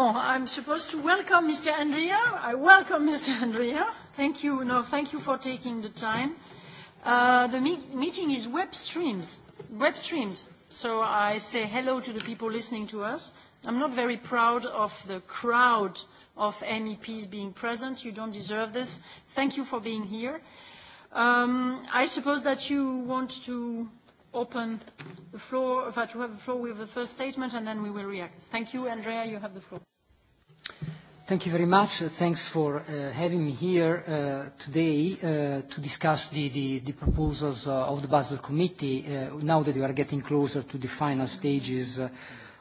I I'm supposed to welcome Mr. Andrea. I welcome Mr. Andrea. Thank you. No, thank you for taking the time. The meeting is web streams, web streams. So I say hello to the people listening to us. I'm not very proud of the crowd of MEPs being present. You don't deserve this. Thank you for being here. Um I suppose that you want to open the floor, to have the floor with the first statement, and then we will react. Thank you, Andrea. You have the floor. Thank you very much. Thanks for having me here today to discuss the proposals of the Basel Committee now that we are getting closer to the final stages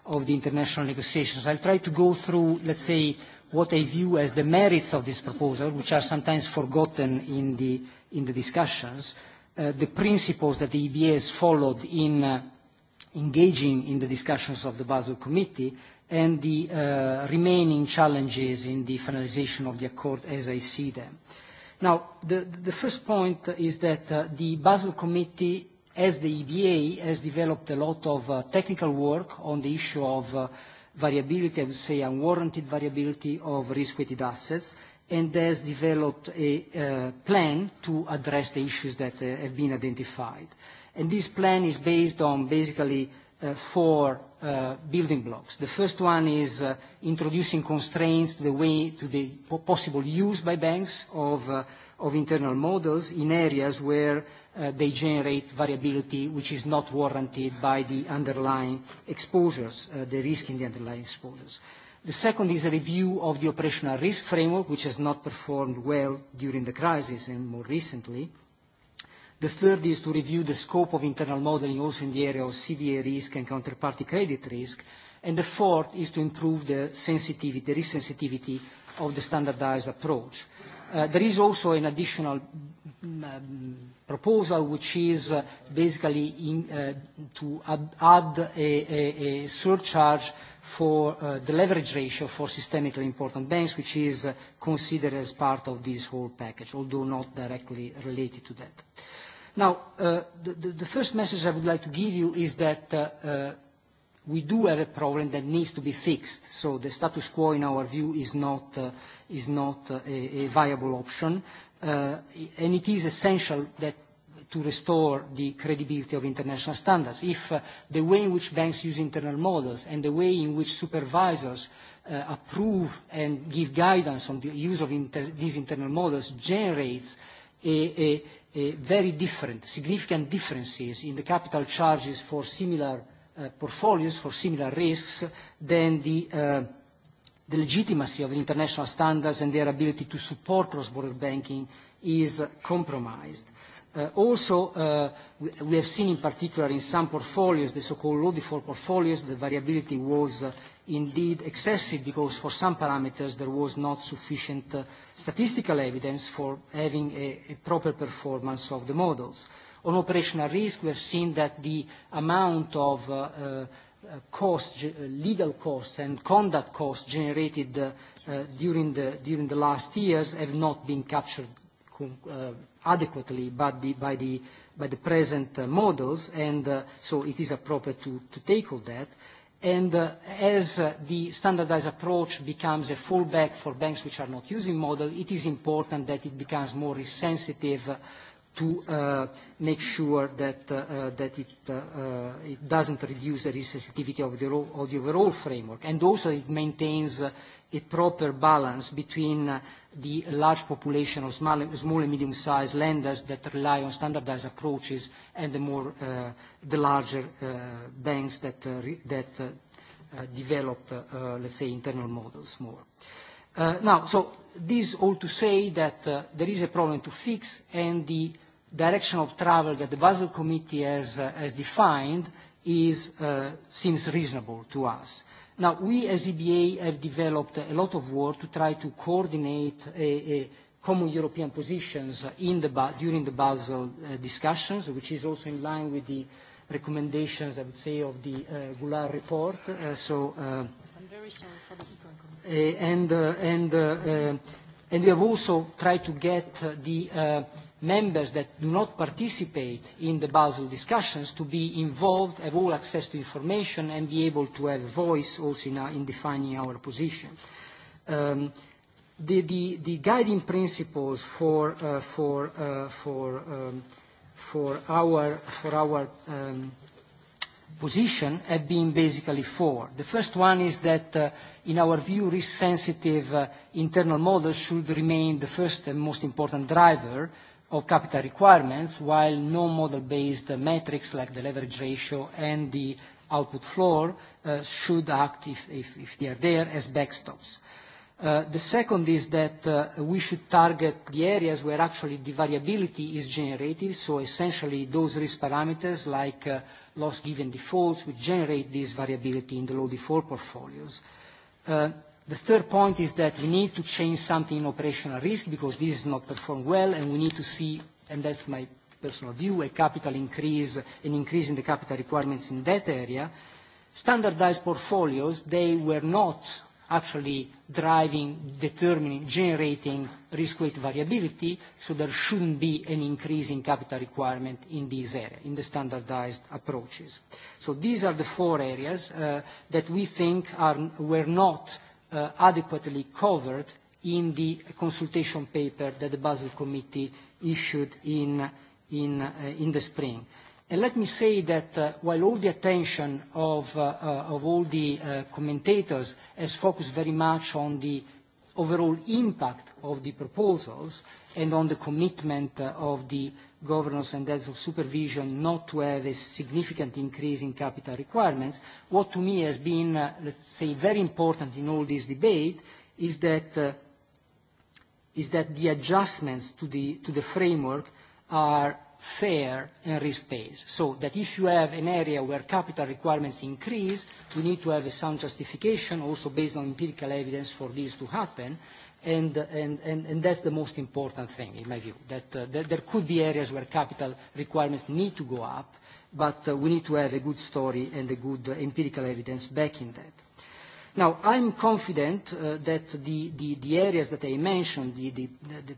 of the international negotiations. I'll try to go through, let's say, what I view as the merits of this proposal, which are sometimes forgotten in the discussions, the principles that the EBA has followed in engaging in the discussions of the Basel Committee, and the remaining challenges in the finalization of the accord as I see them. Now, the first point is that the Basel Committee, as the EBA, has developed a lot of technical work on the issue of variability, I would say unwarranted variability of risk-weighted assets, and has developed a plan to address the issues that have been identified. And this plan is based on basically four building blocks. The first one is introducing constraints to the way to the possible use by banks of internal models in areas where they generate variability which is not warranted by the underlying exposures, the risk in the underlying exposures. The second is a review of the operational risk framework, which has not performed well during the crisis and more recently. The third is to review the scope of internal modeling also in the area of CVA risk and counterparty credit risk. And the fourth is to improve the sensitivity, the risk sensitivity of the standardized approach. There is also an additional proposal which is basically to add a surcharge for the leverage ratio for systemically important banks, which is considered as part of this whole package, although not directly related to that. Now, the first message I would like to give you is that we do have a problem that needs to be fixed. So the status quo, in our view, is not a viable option. And it is essential to restore the credibility of international standards. If the way in which banks use internal models and the way in which supervisors approve and give guidance on the use of these internal models generates a very different, significant differences in the capital charges for similar portfolios, for similar risks, than the legitimacy of the international standards and their ability to support cross-border banking is compromised. Also, we have seen in particular in some portfolios, the so-called low default portfolios, the variability was indeed excessive because for some parameters there was not sufficient statistical evidence for having a proper performance of the models. On operational risk, we have seen that the amount of legal costs and conduct costs generated during the last years have not been captured adequately by the present models, and so it is appropriate to take all that. And as the standardized approach becomes a fallback for banks which are not using model, it is important that it becomes more sensitive to make sure that it doesn't reduce the sensitivity of the overall framework, and also it maintains a proper balance between the large population of small and medium-sized lenders that rely on standardized approaches and the more the larger banks that that developed, let's say, internal models more. Now, so this all to say that there is a problem to fix, and the direction of travel that the Basel Committee has defined seems reasonable to us. Now, we as EBA have developed a lot of work to try to coordinate common European positions during the Basel discussions, which is also in line with the recommendations, I would say, of the Goulard report. So, and we have also tried to get the members that do not participate in the Basel discussions to be involved, have all access to information, and be able to have a voice also in defining our position. The guiding principles for our position have been basically four. The first one is that, in our view, risk-sensitive internal models should remain the first and most important driver of capital requirements, while no model-based metrics like the leverage ratio and the output floor should act, if they are there, as backstops. The second is that we should target the areas where actually the variability is generated, so essentially those risk parameters like loss given defaults which generate this variability in the low default portfolios. The third point is that we need to change something in operational risk because this is not performed well, and we need to see, and that's my personal view, a capital increase, an increase in the capital requirements in that area. Standardized portfolios, they were not actually driving, determining, generating risk-weight variability, so there shouldn't be an increase in capital requirement in this area, in the standardized approaches. So these are the four areas that we think were not adequately covered in the consultation paper that the Basel Committee issued in the spring. And let me say that while all the attention of all the commentators has focused very much on the overall impact of the proposals and on the commitment of the governance and heads of supervision not to have a significant increase in capital requirements, what to me has been, let's say, very important in all this debate is that is that the adjustments to the framework are fair and risk-based. So that if you have an area where capital requirements increase, we need to have a sound justification also based on empirical evidence for this to happen. And that's the most important thing, in my view, that there could be areas where capital requirements need to go up, but we need to have a good story and a good empirical evidence backing that. Now, I'm confident that the areas that I mentioned, the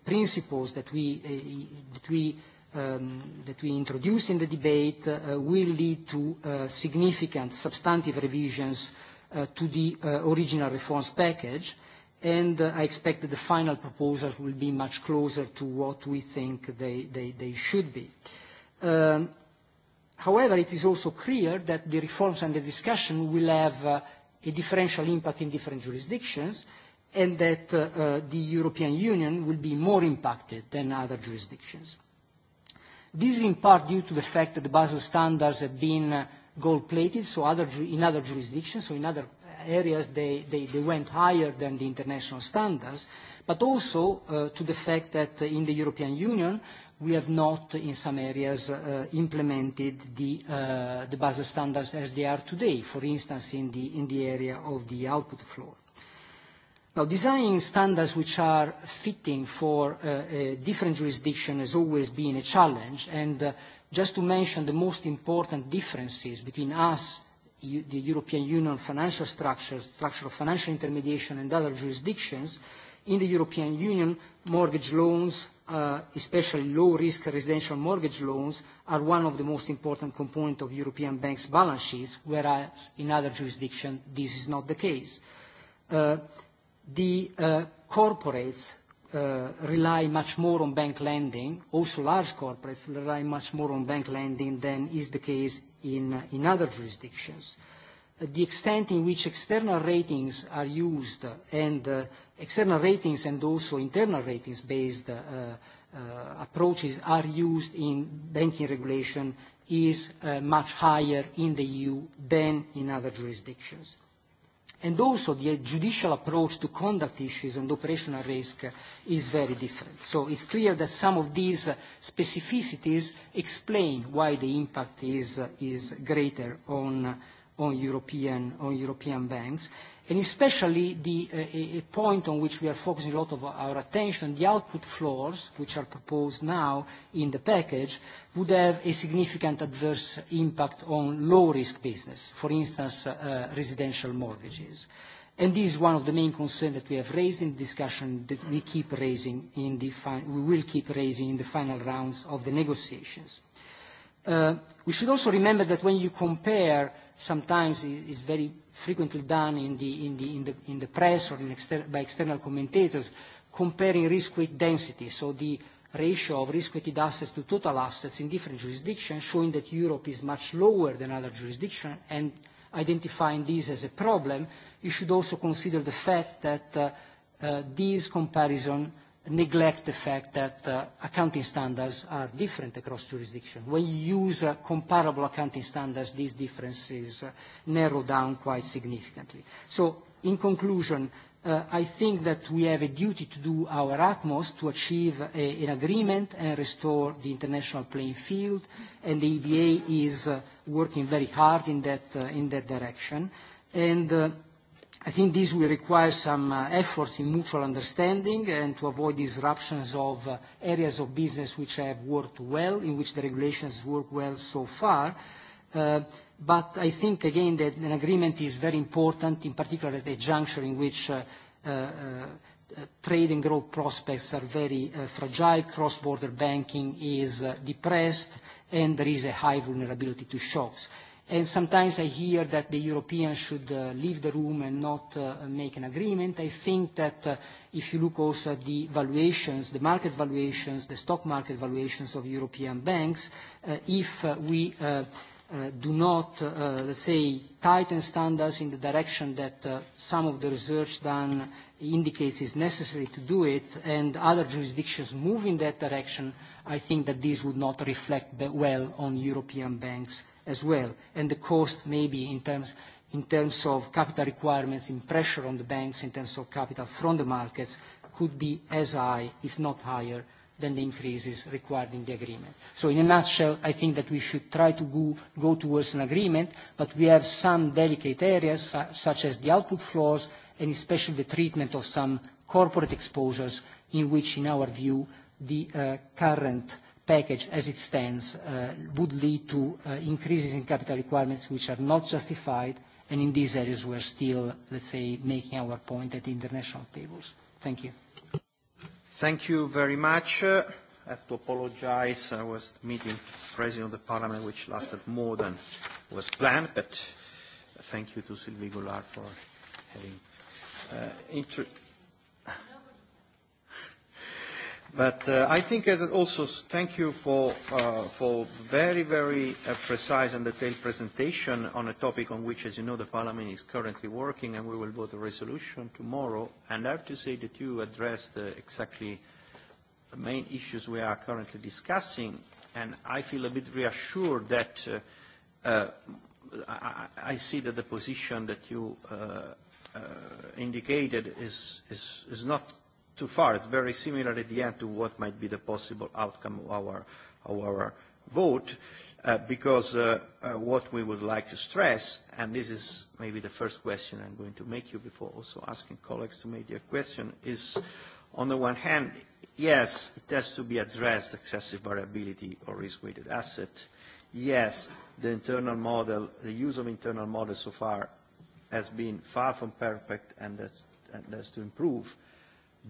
principles that we that we introduced in the debate will lead to significant substantive revisions to the original reforms package and I expect that the final proposals will be much closer to what we think they should be. However, it is also clear that the reforms and the discussion will have a differential impact in different jurisdictions and that the European Union will be more impacted than other jurisdictions. This is in part due to the fact that the Basel standards have been gold-plated, so in other jurisdictions, so in other areas they went higher than the international standards, but also to the fact that in the European Union we have not in some areas implemented the Basel standards as they are today, for instance in the area of the output floor. Now, designing standards which are fitting for different jurisdictions has always been a challenge, and just to mention the most important differences between us, the European Union financial structures, structure of financial intermediation and other jurisdictions, in the European Union, mortgage loans, especially low-risk residential mortgage loans, are one of the most important components of European banks' balance sheets, whereas in other jurisdictions this is not the case the corporates rely much more on bank lending, also large corporates rely much more on bank lending than is the case in other jurisdictions. The extent in which external ratings are used and external ratings and also internal ratings-based approaches are used in banking regulation is much higher in the EU than in other jurisdictions and also the judicial approach to conduct issues and operational risk is very different. So it's clear that some of these specificities explain why the impact is greater on European banks and especially the point on which we are focusing a lot of our attention, the output floors, which are proposed now in the package, would have a significant adverse impact on low-risk business, for instance, residential mortgages. And this is one of the main concerns that we have raised in the discussion that we keep raising in we will keep raising in the final rounds of the negotiations. We should also remember that when you compare, sometimes is very frequently done in the in the in the press or by external commentators, comparing risk-weight density, so the ratio of risk-weighted assets to total assets in different jurisdictions, showing that Europe is much lower than other jurisdictions, and identifying this as a problem, you should also consider the fact that these comparisons neglect the fact that accounting standards are different across jurisdictions. When you use comparable accounting standards, these differences narrow down quite significantly. So, in conclusion, I think that we have a duty to do our utmost to achieve an agreement and restore the international playing field, and the EBA is working very hard in that direction. And I think this will require some efforts in mutual understanding and to avoid disruptions of areas of business which have worked well, in which the regulations work well so far. But I think, again, that an agreement is very important, in particular at a juncture in which trade and growth prospects are very fragile, cross-border banking is depressed, and there is a high vulnerability to shocks. And sometimes I hear that the Europeans should leave the room and not make an agreement. I think that if you look also at the valuations, the market valuations, the stock market valuations of European banks, if we do not, let's say, tighten standards in the direction that some of the research done indicates is necessary to do it, and other jurisdictions move in that direction, I think that this would not reflect well on European banks' as well, and the cost maybe in terms in terms of capital requirements, and pressure on the banks, in terms of capital from the markets, could be as high, if not higher, than the increases required in the agreement. So in a nutshell, I think that we should try to go towards an agreement, but we have some delicate areas, such as the output floors, and especially the treatment of some corporate exposures, in which, in our view, the current package as it stands would lead to increases in capital requirements which are not justified, and in these areas we still, let's say, making our point at international tables. Thank you. Thank you very much. I have to apologize. I was meeting the President of the Parliament, which lasted more than was planned, but thank you to Sylvie Goulard for having But I think that also thank you for for very, very precise and detailed presentation on a topic on which, as you know, the Parliament is currently working, and we will vote a resolution tomorrow. And I have to say that you addressed exactly the main issues we are currently discussing, and I feel a bit reassured that I see that the position that you indicated is not too far. It's very similar at the end to what might be the possible outcome of our, vote, because what we would like to stress, and this is maybe the first question I'm going to make you before also asking colleagues to make their question, is on the one hand, yes, it has to be addressed, excessive variability or risk-weighted asset. Yes, the internal model, the use of internal models so far has been far from perfect and has to improve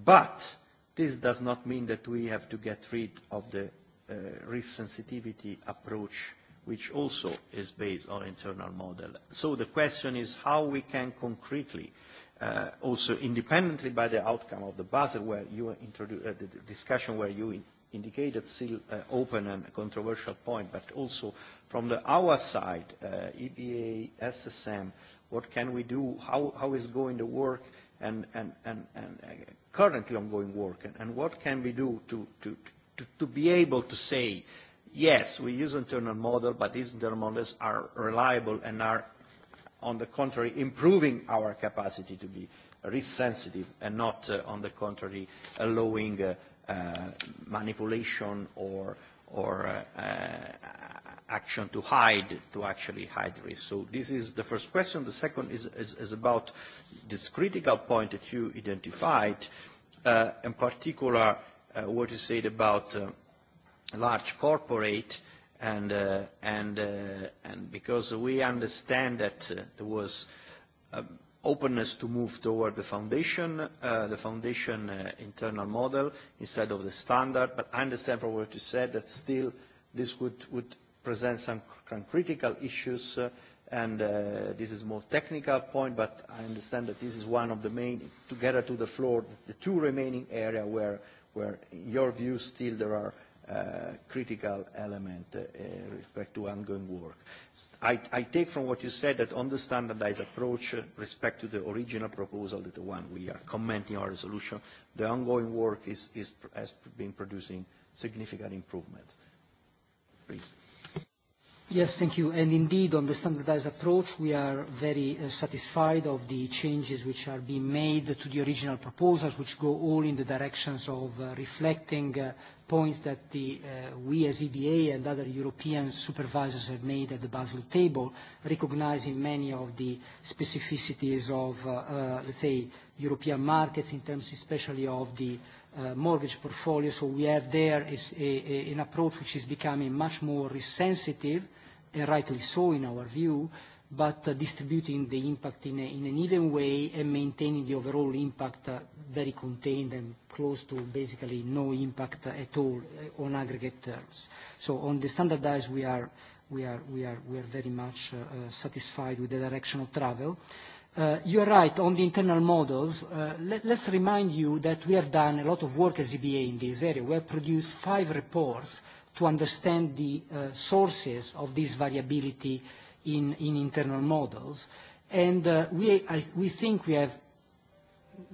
But this does not mean that we have to get rid of the risk sensitivity approach, which also is based on internal model. So the question is how we can concretely, also independently by the outcome of the Basel, where you introduced the discussion where you indicated still open and controversial point, but also from our side, EBA, SSM, what can we do, how is going to work and currently ongoing work and what can we do to be able to say, yes, we use internal models but these internal models are reliable and are, on the contrary, improving our capacity to be risk-sensitive and not, on the contrary, allowing manipulation or or action to hide, to actually hide risk. So this is the first question. The second is about this critical point that you identified, in particular what you said about large corporate and because we understand that there was openness to move toward the foundation, the foundation internal model instead of the standard, but I understand from what you said that still this would would present some critical issues, and this is a more technical point, but I understand that this is one of the main, together to the floor, the two remaining areas where, where in your view, still there are critical elements in respect to ongoing work. I take from what you said that on the standardized approach respect to the original proposal, that the one we are commenting our resolution, the ongoing work is has been producing significant improvements. Please. Yes, thank you. And indeed, on the standardized approach, we are very satisfied of the changes which are being made to the original proposals, which go all in the directions of reflecting points that we as EBA and other European supervisors have made at the Basel table, recognizing many of the specificities of, let's say, European markets in terms especially of the mortgage portfolio. So we have there an approach which is becoming much more sensitive and rightly so in our view, but distributing the impact in an even way and maintaining the overall impact very contained and close to basically no impact at all on aggregate terms. So on the standardized, we are very much satisfied with the direction of travel. You are right on the internal models. Let's remind you that we have done a lot of work as EBA in this area. We have produced five reports to understand the sources of this variability in internal models. And we think we have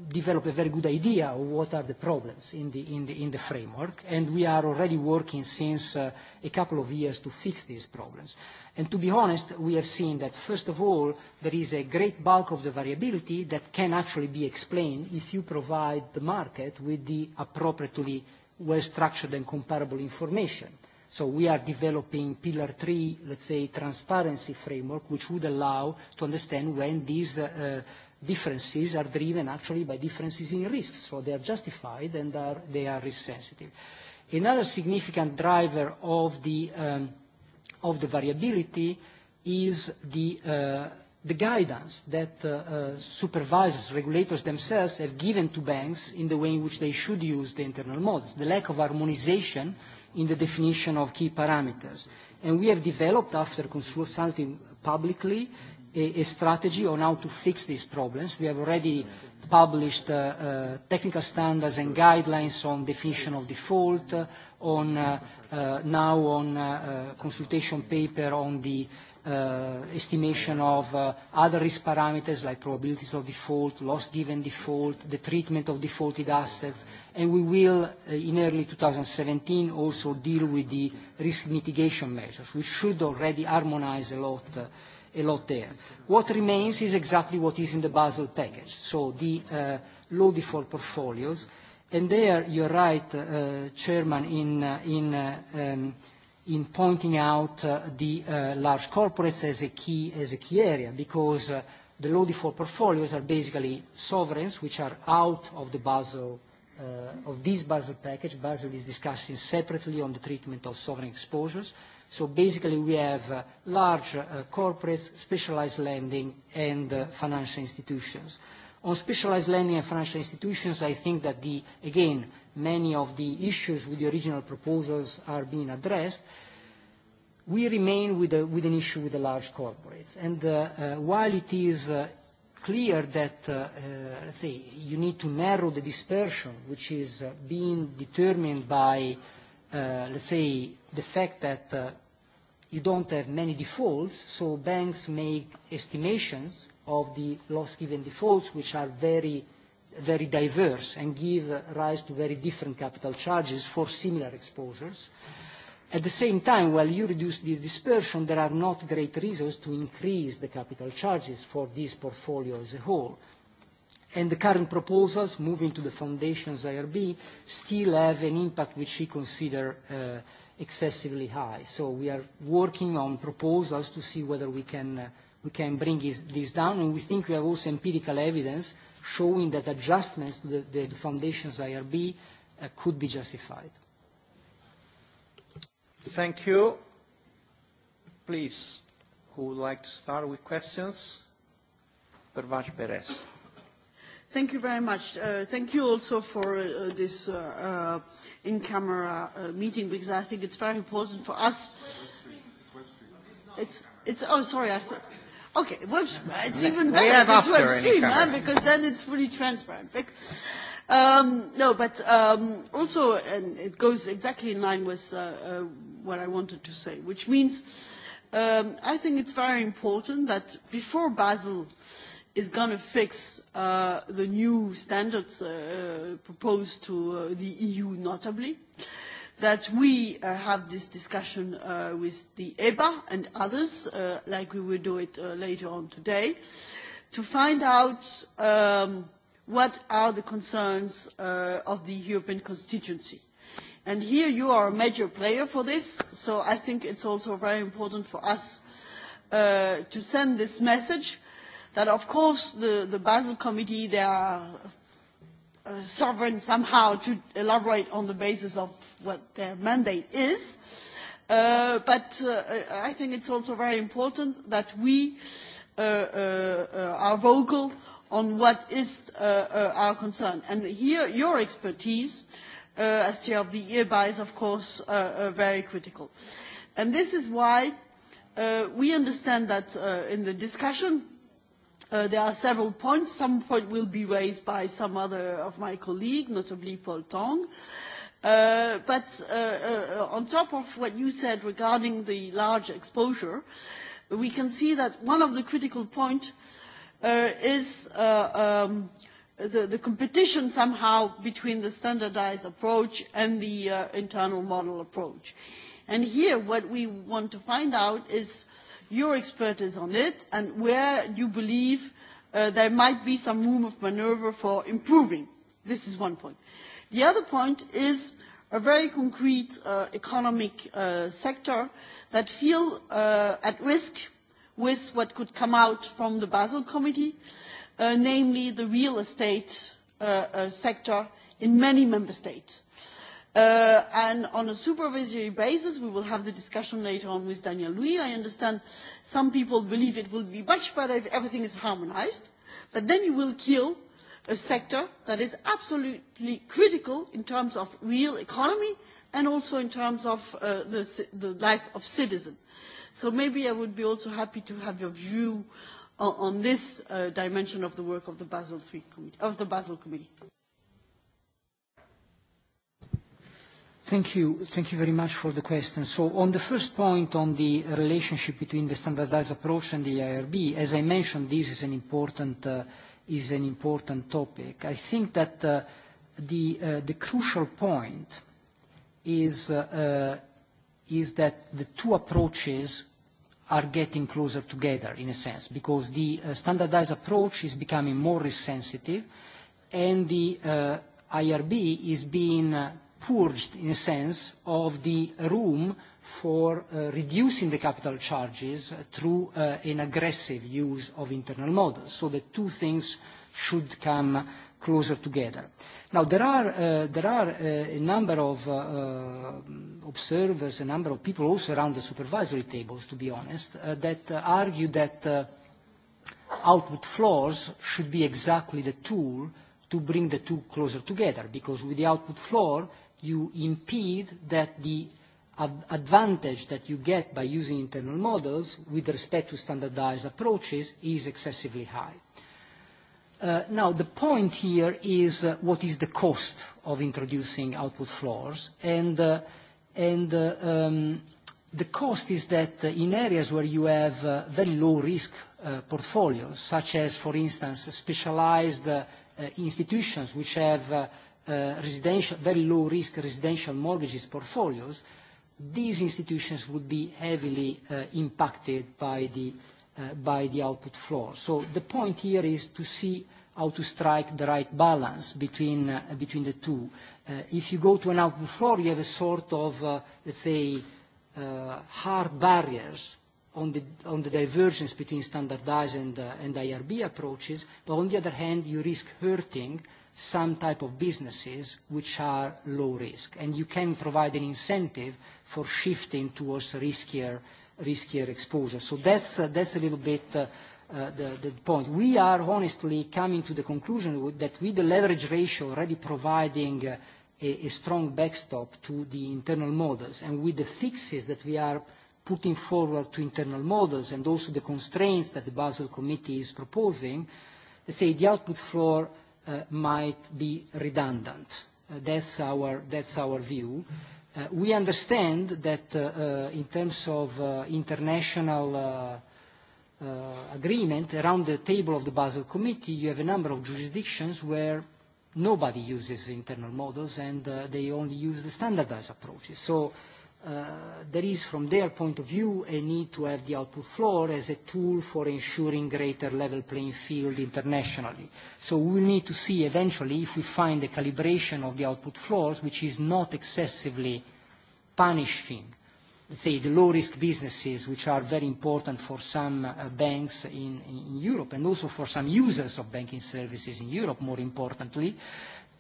developed a very good idea of what are the problems in the framework, and we are already working since a couple of years to fix these problems. And to be honest, we have seen that, first of all, there is a great bulk of the variability that can actually be explained if you provide the market with the appropriately well-structured and comparable information. So we are developing Pillar 3, let's say, transparency framework, which would allow to understand when these differences are driven actually by differences in risks. So they are justified and they are risk-sensitive. Another significant driver of the variability is the the guidance that supervisors, regulators themselves have given to banks in the way in which they should use the internal models, the lack of harmonization in the definition of key parameters. And we have developed, after consulting publicly, a strategy on how to fix these problems. We have already published technical standards and guidelines on definition of default, on now on consultation paper on the estimation of other risk parameters like probabilities of default, loss given default, the treatment of defaulted assets, and we will, in early 2017, also deal with the risk mitigation measures. We should already harmonize a lot a lot there. What remains is exactly what is in the Basel package, so the low default portfolios. And there, you're right, Chairman, in in pointing out the large corporates as a key area because the low default portfolios are basically sovereigns which are out of the Basel of this Basel package. Basel is discussing separately on the treatment of sovereign exposures. So basically we have large corporates, specialized lending and financial institutions. On specialized lending and financial institutions, I think that the, again, many of the issues with the original proposals are being addressed, we remain with an issue with the large corporates. And while it is clear that, let's say, you need to narrow the dispersion, which is being determined by, let's say, the fact that you don't have many defaults, so banks make estimations of the loss given defaults, which are very very diverse and give rise to very different capital charges for similar exposures. At the same time, while you reduce this dispersion, there are not great reasons to increase the capital charges for this portfolio as a whole. And the current proposals, moving to the foundation's IRB, still have an impact which we consider excessively high. So we are working on proposals to see whether we can bring this down, and we think we have also empirical evidence showing that adjustments to the Foundation's IRB could be justified. Thank you. Please, who would like to start with questions? Pervash Perez. Thank you very much. Thank you also for this in-camera meeting because I think it's very important for us. It's, it's, oh, sorry. I Okay, it's even better it's web stream, because then it's fully transparent. No, but also, and it goes exactly in line with what I wanted to say, which means I think it's very important that before Basel is going to fix the new standards proposed to the EU, notably, that we have this discussion with the EBA and others, like we will do it later on today, to find out what are the concerns of the European constituency. And here you are a major player for this, so I think it's also very important for us to send this message that, of course, the Basel Committee, they are sovereign somehow to elaborate on the basis of what their mandate is. But I think it's also very important that we are vocal on what is our concern. And here, your expertise as chair of the EBA is, of course, very critical. And this is why we understand that in the discussion There are several points. Some point will be raised by some other of my colleagues, notably Paul Tong. But on top of what you said regarding the large exposure, we can see that one of the critical points is the competition somehow between the standardized approach and the internal model approach. And here what we want to find out is your expertise on it and where you believe there might be some room of manoeuvre for improving. This is one point. The other point is a very concrete economic sector that feel at risk with what could come out from the Basel Committee, namely the real estate sector in many member states and on a supervisory basis we will have the discussion later on with daniel louis i understand some people believe it will be much better if everything is harmonised but then you will kill a sector that is absolutely critical in terms of real economy and also in terms of the life of citizens. so maybe i would be also happy to have your view on this dimension of the work of the basel committee. Thank you. Thank you very much for the question. So on the first point on the relationship between the standardized approach and the IRB, as I mentioned, this is an important is an important topic. I think that the the crucial point is is that the two approaches are getting closer together in a sense because the standardized approach is becoming more risk sensitive and the IRB is being purged in a sense of the room for reducing the capital charges through an aggressive use of internal models. So the two things should come closer together. Now, there are a number of observers, a number of people also around the supervisory tables, to be honest, that argue that output floors should be exactly the tool to bring the two closer together, because with the output floor, you impede that the advantage that you get by using internal models with respect to standardized approaches is excessively high. Now, the point here is what is the cost of introducing output floors, and the cost is that in areas where you have very low-risk portfolios, such as, for instance, specialized institutions which have very low-risk residential mortgages portfolios, these institutions would be heavily impacted by the output floor. So the point here is to see how to strike the right balance between the two. If you go to an output floor, you have a sort of, let's say, hard barriers on the divergence between standardized and IRB approaches, but on the other hand, you risk hurting some type of businesses which are low risk. And you can provide an incentive for shifting towards riskier exposure. So that's a little bit the point. We are honestly coming to the conclusion that with the leverage ratio already providing a strong backstop to the internal models and with the fixes that we are putting forward to internal models and also the constraints that the Basel Committee is proposing, let's say the output floor might be redundant. That's our view. We understand that in terms of international agreement, around the table of the Basel Committee, you have a number of jurisdictions where nobody uses internal models and they only use the standardized approaches. So there is, from their point of view, a need to have the output floor as a tool for ensuring greater level playing field internationally. So we need to see eventually if we find a calibration of the output floors which is not excessively punishing, let's say, the low-risk businesses which are very important for some banks in Europe and also for some users of banking services in Europe, more importantly,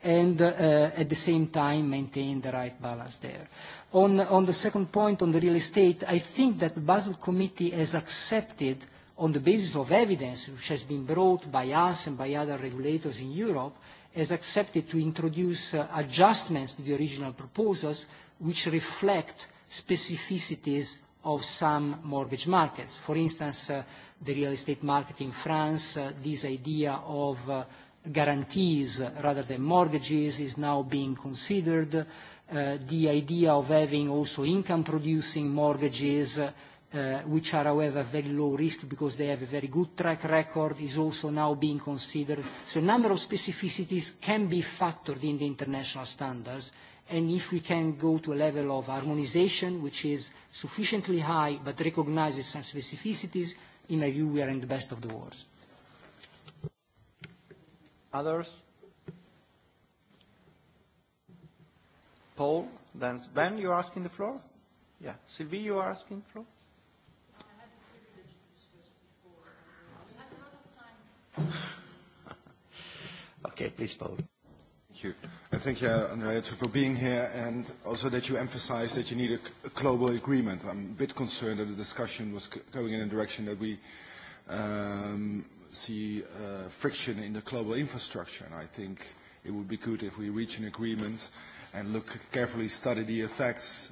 and at the same time maintain the right balance there. On the second point, on the real estate, I think that the Basel Committee has accepted, on the basis of evidence which has been brought by us and by other regulators in Europe, has accepted to introduce adjustments to the original proposals which reflect specificities of some mortgage markets. For instance, the real estate market in France, this idea of guarantees rather than mortgages is now being considered the idea of having also income-producing mortgages, which are, however, very low risk because they have a very good track record, is also now being considered. So a number of specificities can be factored in the international standards, and if we can go to a level of harmonization, which is sufficiently high but recognizes some specificities, in my view, we are in the best of the worlds. Others? Paul, then Ben, are asking the floor? Yeah. Sylvie, you are asking the floor? Okay, please, Paul. Thank you. I thank you, Andrea, for being here, and also that you emphasize that you need a global agreement. I'm a bit concerned that the discussion was going in a direction that we see friction in the global infrastructure, and I think it would be good if we reach an agreement and look carefully study the effects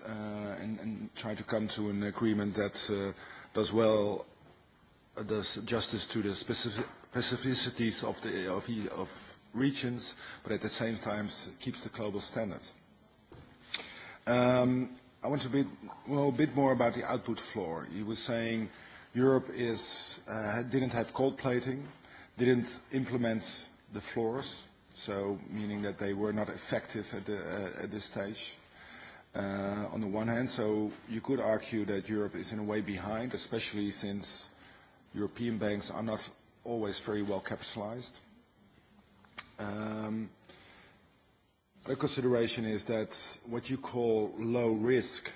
and try to come to an agreement that does well does justice to the specificities of the of regions but at the same time keeps the global standard. I want to know a bit more about the output floor. You were saying Europe is didn't have cold plating, didn't implement the floors so meaning that they were not effective at this stage on the one hand. So you could argue that Europe is in a way behind, especially since European banks are not always very well capitalized. The consideration is that what you call low-risk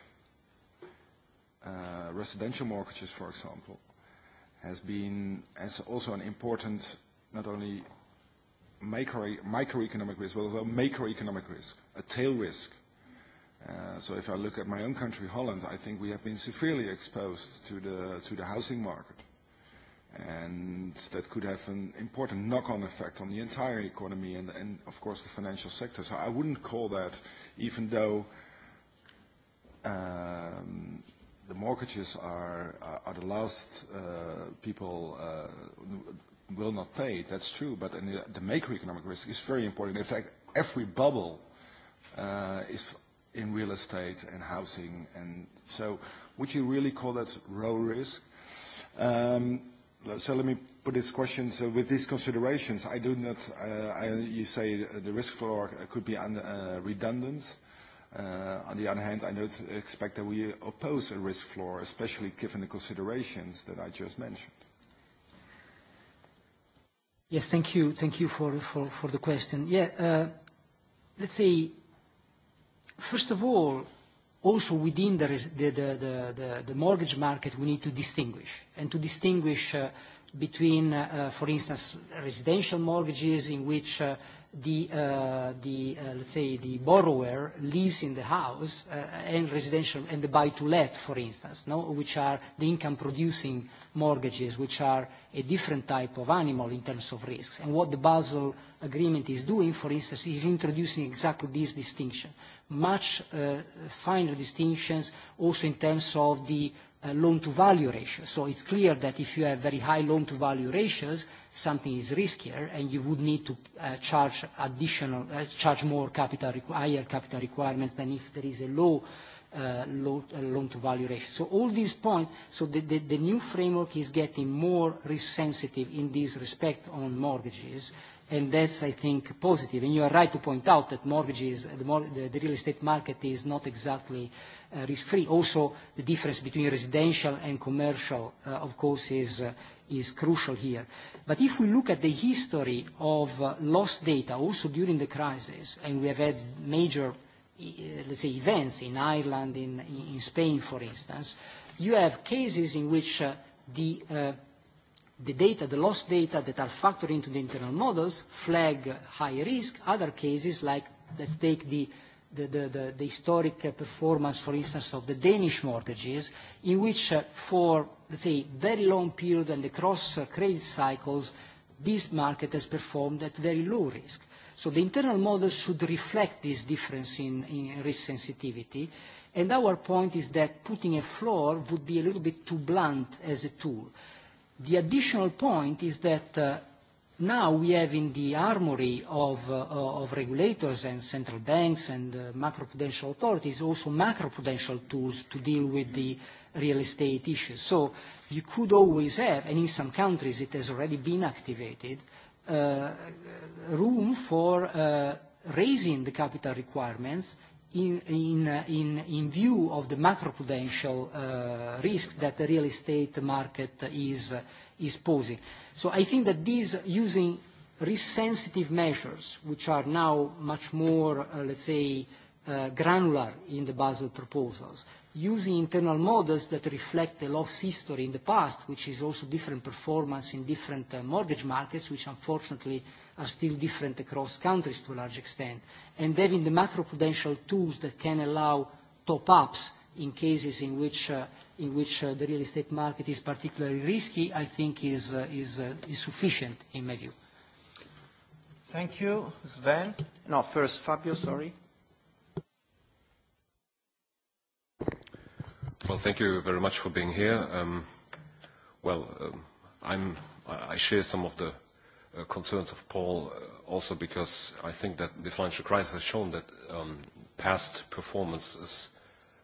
residential mortgages, for example, has been also an important not only microeconomic risk, but well macroeconomic risk, a tail risk. So if I look at my own country, Holland, I think we have been severely exposed to the to the housing market, and that could have an important knock-on effect on the entire economy and, and of course, the financial sector. So I wouldn't call that, even though the mortgages are are the last people will not pay. That's true, but the macroeconomic risk is very important. In fact, every bubble is in real estate and housing, and so would you really call that low risk? So let me put this question. So with these considerations, I do not. You say the risk floor could be redundant. On the other hand, I don't expect that we oppose a risk floor, especially given the considerations that I just mentioned. Yes, thank you. Thank you for, for, the question. Yeah, let's say, first of all, also within the, the, mortgage market, we need to distinguish and to distinguish between, for instance, residential mortgages in which the, let's say, the borrower lives in the house and residential and the buy-to-let, for instance, no? which are the income-producing mortgages, which are a different type of animal in terms of risks. And what the Basel Agreement is doing, for instance, is introducing exactly this distinction, much finer distinctions also in terms of the loan-to-value ratio. So it's clear that if you have very high loan-to-value ratios, something is riskier and you would need to charge additional, charge more capital, higher capital requirements than if there is a low loan-to-value ratio. So all these points, so the new framework is getting more risk-sensitive in this respect on mortgages, and that's, I think, positive. And you are right to point out that mortgages, the real estate market is not exactly risk-free. Also, the difference between residential and commercial, of course, is crucial here. But if we look at the history of lost data, also during the crisis, and we have had major let's say, events in Ireland, in Spain, for instance, you have cases in which the data, the lost data that are factored into the internal models flag high risk. Other cases, like let's take the historic performance, for instance, of the Danish mortgages, in which for, let's say, very long period and across credit cycles, this market has performed at very low risk. So the internal model should reflect this difference in risk sensitivity. And our point is that putting a floor would be a little bit too blunt as a tool. The additional point is that now we have in the armory of regulators and central banks and macroprudential authorities also macroprudential tools to deal with the real estate issues. So you could always have, and in some countries it has already been activated, room for raising the capital requirements in view of the macroprudential risks that the real estate market is posing. So I think that these using risk-sensitive measures, which are now much more, let's say, granular in the Basel proposals, using internal models that reflect the loss history in the past, which is also different performance in different mortgage markets, which unfortunately are still different across countries to a large extent, and having the macroprudential tools that can allow top-ups in cases in which the real estate market is particularly risky, I think is sufficient in my view. Thank you. Sven? No, first Fabio, sorry. Well, thank you very much for being here. Well, I'm I share some of the concerns of Paul also because I think that the financial crisis has shown that past performance is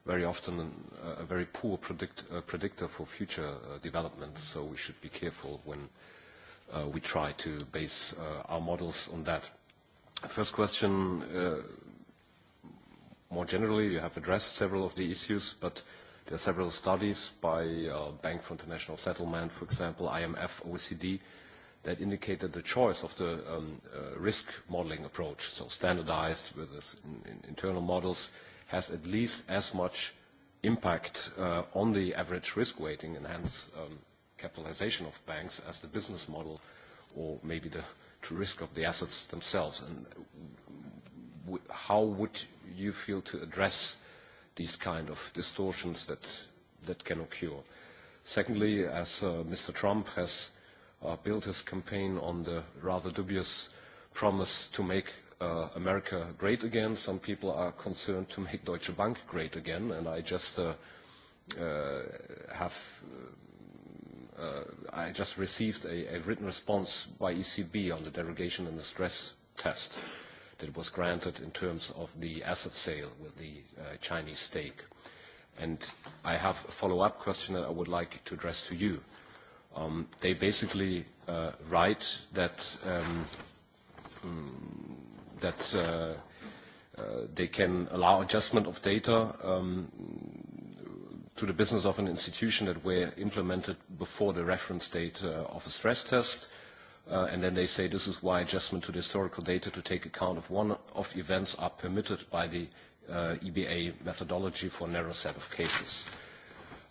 very often a very poor predictor for future development, so we should be careful when we try to base our models on that. First question, more generally, you have addressed several of the issues, but There are several studies by Bank for International Settlement, for example, IMF, OECD, that indicate that the choice of the risk modeling approach, so standardized with internal models, has at least as much impact on the average risk weighting and hence capitalization of banks as the business model or maybe the risk of the assets themselves. And how would you feel to address these kind of distortions that that can occur. Secondly, as Mr. Trump has built his campaign on the rather dubious promise to make America great again, some people are concerned to make Deutsche Bank great again, and I just have I just received a written response by ECB on the derogation and the stress test that was granted in terms of the asset sale with the Chinese stake. And I have a follow-up question that I would like to address to you. They basically write that that they can allow adjustment of data to the business of an institution that were implemented before the reference date of a stress test and then they say this is why adjustment to the historical data to take account of one-off events are permitted by the EBA methodology for a narrow set of cases.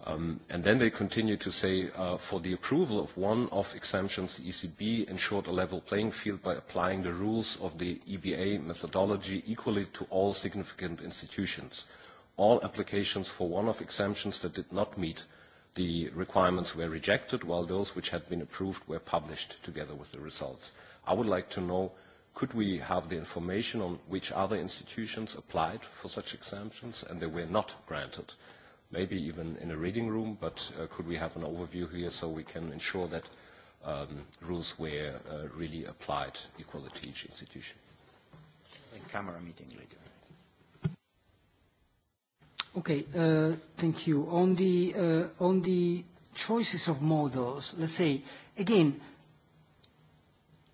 And then they continue to say, for the approval of one-off exemptions, the ECB ensured a level playing field by applying the rules of the EBA methodology equally to all significant institutions. All applications for one-off exemptions that did not meet the requirements were rejected, while those which had been approved were published together with the results. I would like to know, could we have the information on which other institutions applied for such exemptions and they were not granted? Maybe even in a reading room, but could we have an overview here so we can ensure that rules were really applied equally to each institution? In camera meeting later. Okay, thank you. On the on the choices of models, let's say again,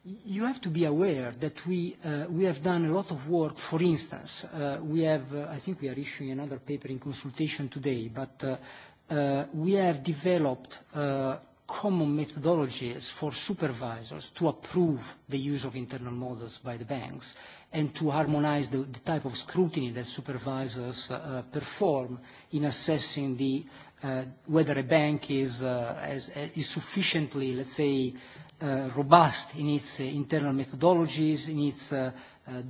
you have to be aware that we we have done a lot of work. For instance, we have I think we are issuing another paper in consultation today, but we have developed common methodologies for supervisors to approve the use of internal models by the banks and to harmonize the type of scrutiny that supervisors perform in assessing the whether a bank is sufficiently, let's say, robust in its internal methodologies, in its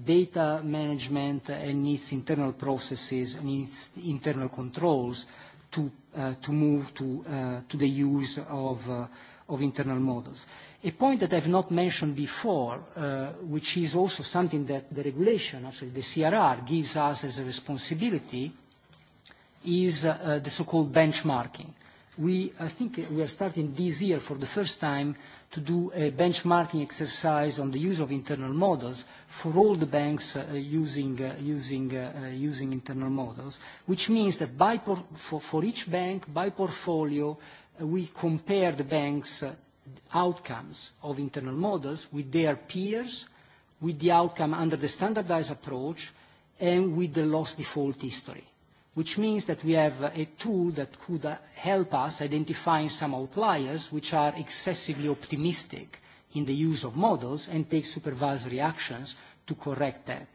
data management, and its internal processes, and its internal controls to move to the use of internal models. A point that I've not mentioned before, which is also something that the regulation, actually the CRR, gives us as a responsibility, is the so-called benchmarking. We, I think, we are starting this year for the first time to do a benchmarking exercise on the use of internal models for all the banks using using internal models, which means that for each bank, by portfolio, we compare the banks' outcomes of internal models with their peers, with the outcome under the standardized approach, and with the loss default history which means that we have a tool that could help us identify some outliers which are excessively optimistic in the use of models and take supervisory actions to correct that.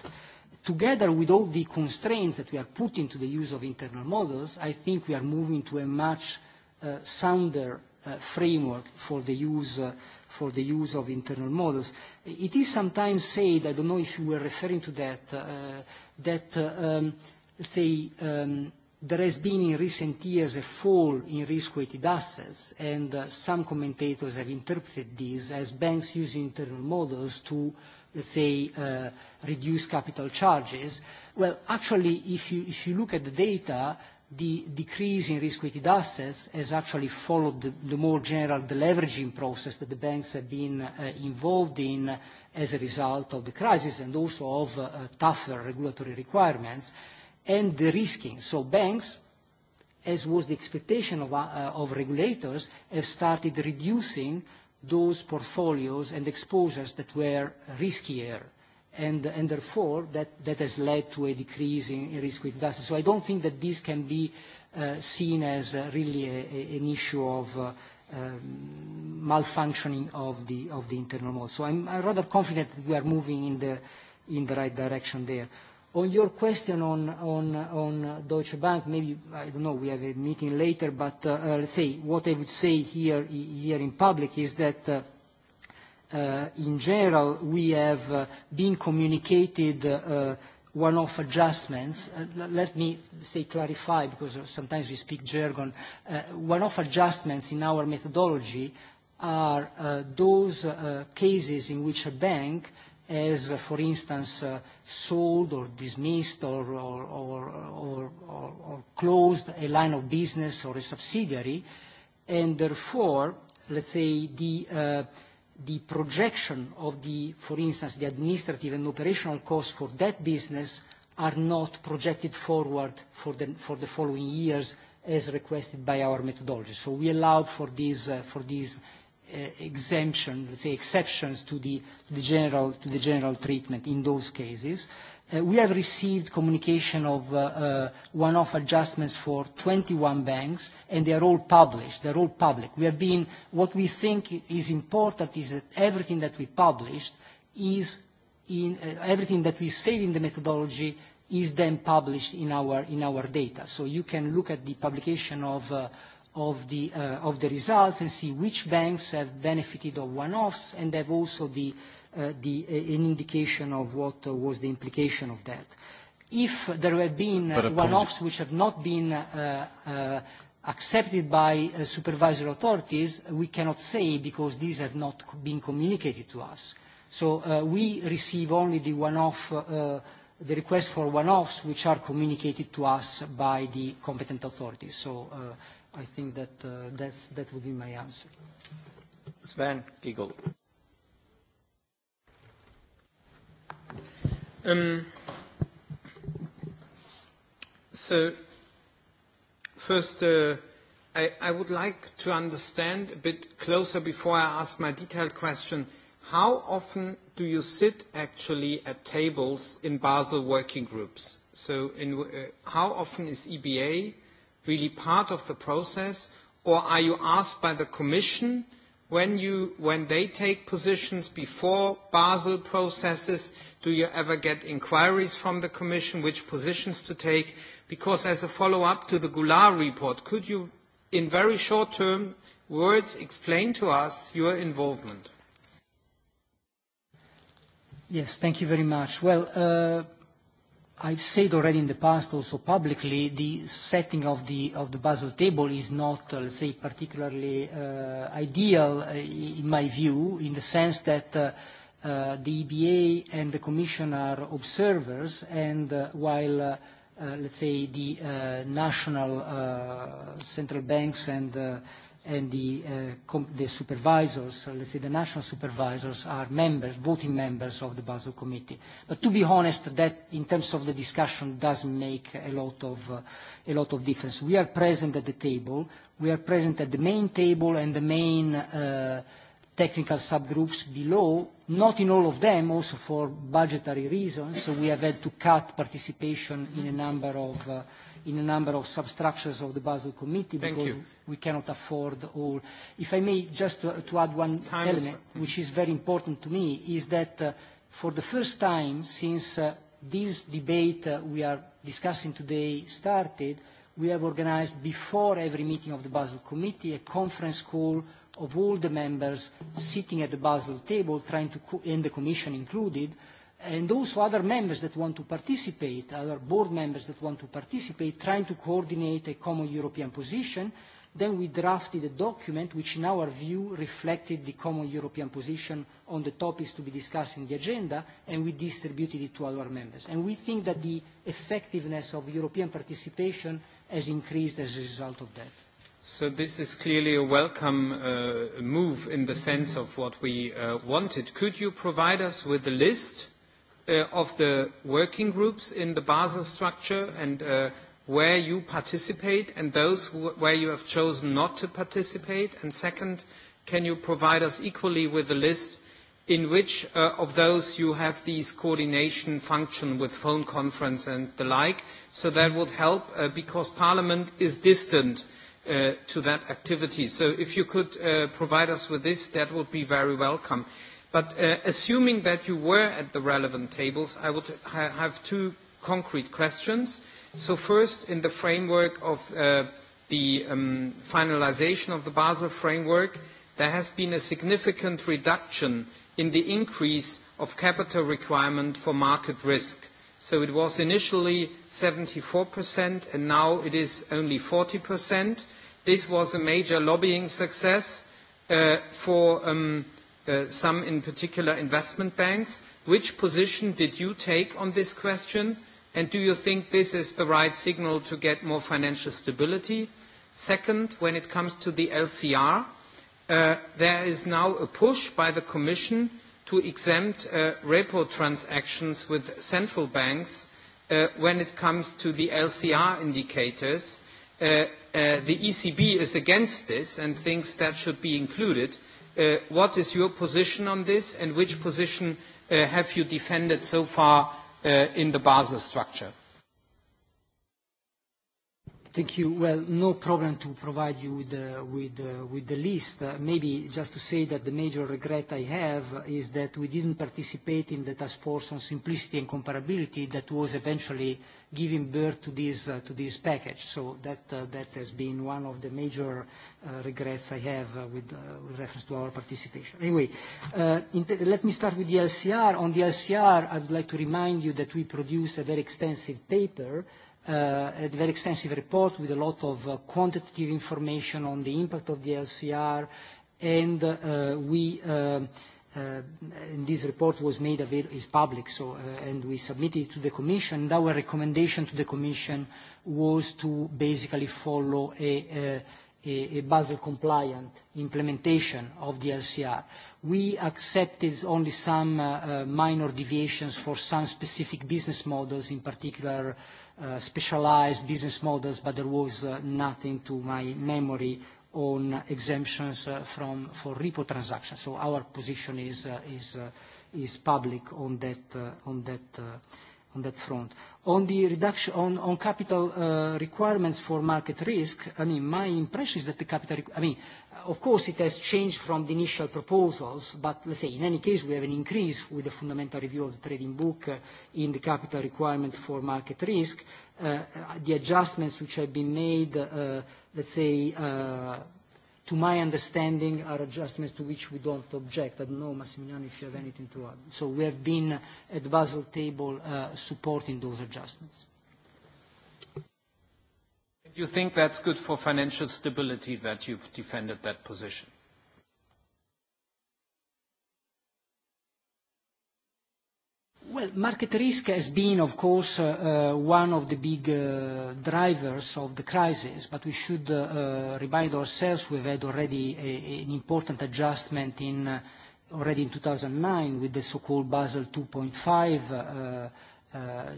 Together with all the constraints that we are putting to the use of internal models, I think we are moving to a much sounder framework for the use for the use of internal models. It is sometimes said, I don't know if you were referring to that, that let's say, there has been in recent years a fall in risk-weighted assets, and some commentators have interpreted this as banks using internal models to, let's say, reduce capital charges. Well, actually, if you look at the data, the decrease in risk-weighted assets has actually followed the more general deleveraging process that the banks have been involved in as a result of the crisis and also of tougher regulatory requirements and the risking So banks, as was the expectation of regulators, have started reducing those portfolios and exposures that were riskier, and therefore that has led to a decrease in risk-weighted assets. So I don't think that this can be seen as really an issue of malfunctioning of the internal model. So I'm rather confident that we are moving in the right direction there. On your question on Deutsche Bank, maybe, I don't know, we have a meeting later, but let's say what I would say here in public is that in general we have been communicated one-off adjustments. Let me say clarify, because sometimes we speak jargon. One-off adjustments in our methodology are those cases in which a bank as, for instance, sold or dismissed or closed a line of business or a subsidiary, and therefore, let's say, the the projection of the, for instance, the administrative and operational costs for that business are not projected forward for the for the following years as requested by our methodology. So we allowed for these exemption, let's say exceptions to the general to the general treatment in those cases. We have received communication of one-off adjustments for 21 banks, and they are all published. They are all public. We have been what we think is important is that everything that we published is in everything that we say in the methodology is then published in our in our data. So you can look at the publication of of the of the results and see which banks have benefited of one-offs and have also the an indication of what was the implication of that. If there have been one-offs which have not been accepted by supervisory authorities, we cannot say because these have not been communicated to us. So we receive only the one-off, the request for one-offs which are communicated to us by the competent authorities. So I think that that's, that would be my answer. Sven Giegel. Um, so, first, I, I would like to understand a bit closer before I ask my detailed question. How often do you sit actually at tables in Basel working groups? So, in, how often is EBA really part of the process, or are you asked by the Commission when you when they take positions before Basel processes? Do you ever get inquiries from the Commission which positions to take? Because as a follow-up to the Goulard report, could you, in very short-term words, explain to us your involvement? Yes, thank you very much. Well, I've said already in the past, also publicly, the setting of the of Basel table is not, let's say, particularly ideal in my view, in the sense that the EBA and the Commission are observers, and while, let's say, the national central banks and and the supervisors, let's say the national supervisors, are members, voting members of the Basel Committee. But to be honest, that in terms of the discussion does make a lot of difference. We are present at the table. We are present at the main table and the main technical subgroups below, not in all of them, also for budgetary reasons. So we have had to cut participation in a number of in a number of substructures of the Basel Committee because we cannot afford all. If I may, just to add one element, which is very important to me, is that for the first time since this debate we are discussing today started, we have organized before every meeting of the Basel Committee a conference call of all the members sitting at the Basel table, trying to, and the Commission included, and also other members that want to participate, other board members that want to participate, trying to coordinate a common European position. Then we drafted a document which, in our view, reflected the common European position on the topics to be discussed in the agenda, and we distributed it to our members. And we think that the effectiveness of European participation has increased as a result of that. So this is clearly a welcome move in the sense of what we wanted. Could you provide us with a list of the working groups in the Basel structure and where you participate and those where you have chosen not to participate? And second, can you provide us equally with a list in which of those you have these coordination function with phone conference and the like? So that would help because Parliament is distant to that activity. So if you could provide us with this, that would be very welcome. But assuming that you were at the relevant tables, I would have two concrete questions. So first, in the framework of the finalization of the Basel framework, there has been a significant reduction in the increase of capital requirement for market risk. So it was initially 74% and now it is only 40%. This was a major lobbying success for some, in particular, investment banks. Which position did you take on this question? And do you think this is the right signal to get more financial stability? Second, when it comes to the LCR, there is now a push by the Commission to exempt repo transactions with central banks when it comes to the LCR indicators. The ECB is against this and thinks that should be included. What is your position on this and which position have you defended so far in the Basel structure? Thank you. Well, no problem to provide you with the, with, with the list. maybe just to say that the major regret I have is that we didn't participate in the task force on simplicity and comparability that was eventually giving birth to this, to this package. So that, that has been one of the major regrets I have with, with reference to our participation. Anyway, let me start with the LCR. On the LCR, I would like to remind you that we produced a very extensive paper a very extensive report with a lot of quantitative information on the impact of the LCR, and we this report was made available is public, so and we submitted it to the Commission. Our recommendation to the Commission was to basically follow a a Basel-compliant implementation of the LCR. We accepted only some minor deviations for some specific business models, in particular specialized business models, but there was nothing to my memory on exemptions from for repo transactions. So our position is is is public on that on that on that front. On the reduction on capital requirements for market risk, I mean, my impression is that the capital, I mean, Of course, it has changed from the initial proposals, but let's say, in any case, we have an increase with the fundamental review of the trading book in the capital requirement for market risk. The adjustments which have been made, let's say, to my understanding, are adjustments to which we don't object. I don't know, Massimiliano, if you have anything to add. So we have been, at the Basel table, supporting those adjustments you think that's good for financial stability that you've defended that position? Well, market risk has been, of course, one of the big drivers of the crisis, but we should remind ourselves we've had already an important adjustment in already in 2009 with the so-called Basel 2.5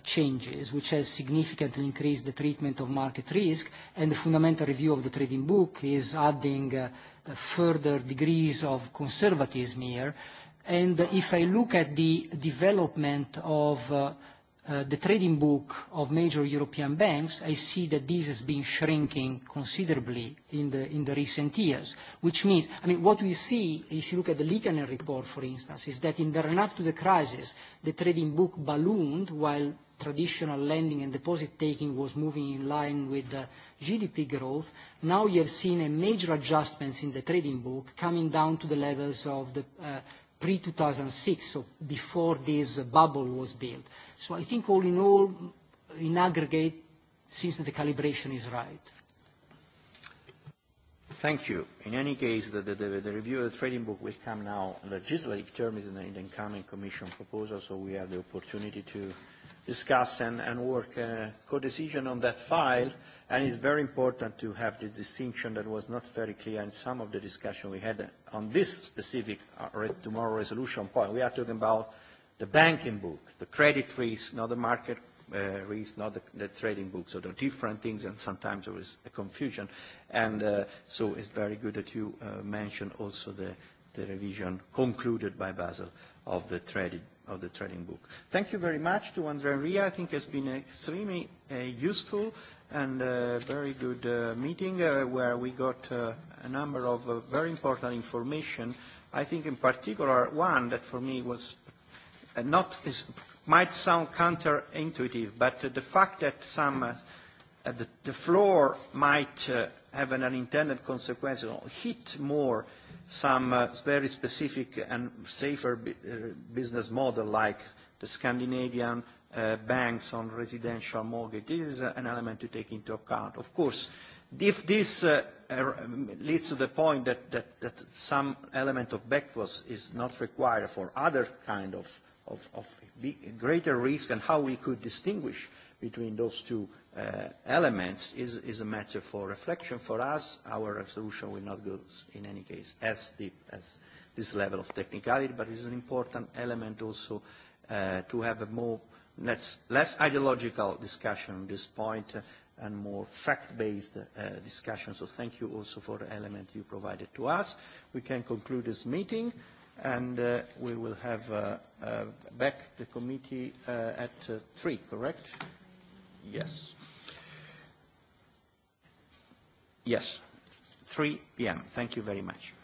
changes, which has significantly increased the treatment of market risk, and the fundamental review of the trading book is adding further degrees of conservatism here. And if I look at the development of the trading book of major European banks, I see that this has been shrinking considerably in the recent years, which means, I mean, what we see, if you look at the Liikanen report, for instance, is that in the run-up to the crisis, the trading book ballooned while traditional lending and deposit taking was moving in line with the GDP growth. Now you have seen a major adjustments in the trading book coming down to the levels of the pre-2006, so before this bubble was built. So I think all in all, in aggregate, since the calibration is right. Thank you. In any case, the, the, the review of the trading book will come now. Legislative term is in the incoming Commission proposal, so we have the opportunity to discuss and, and work uh, co-decision on that file. And it's very important to have the distinction that was not very clear in some of the discussion we had on this specific tomorrow resolution point. We are talking about the banking book, the credit risk, not the market risk, not the trading book. So there are different things, and sometimes there is a confusion. And so it's very good that you mentioned also the revision concluded by Basel of the trading of the trading book. Thank you very much to Andrea and Ria. I think it's been extremely useful and a very good meeting where we got a number of very important information. I think in particular one that for me was not is might sound counterintuitive, but the fact that some the floor might have an unintended consequence or hit more some very specific and safer business model like the Scandinavian banks on residential mortgage. This is an element to take into account. Of course, if this leads to the point that some element of backwards is not required for other kind of greater risk and how we could distinguish between those two elements is, is a matter for reflection. For us, our resolution will not go, in any case, as deep as this level of technicality, but it is an important element also to have a more, less, less ideological discussion on this point and more fact-based discussion. So thank you also for the element you provided to us. We can conclude this meeting and we will have back the committee at 3, correct? Yes. Yes. 3 p.m. Thank you very much.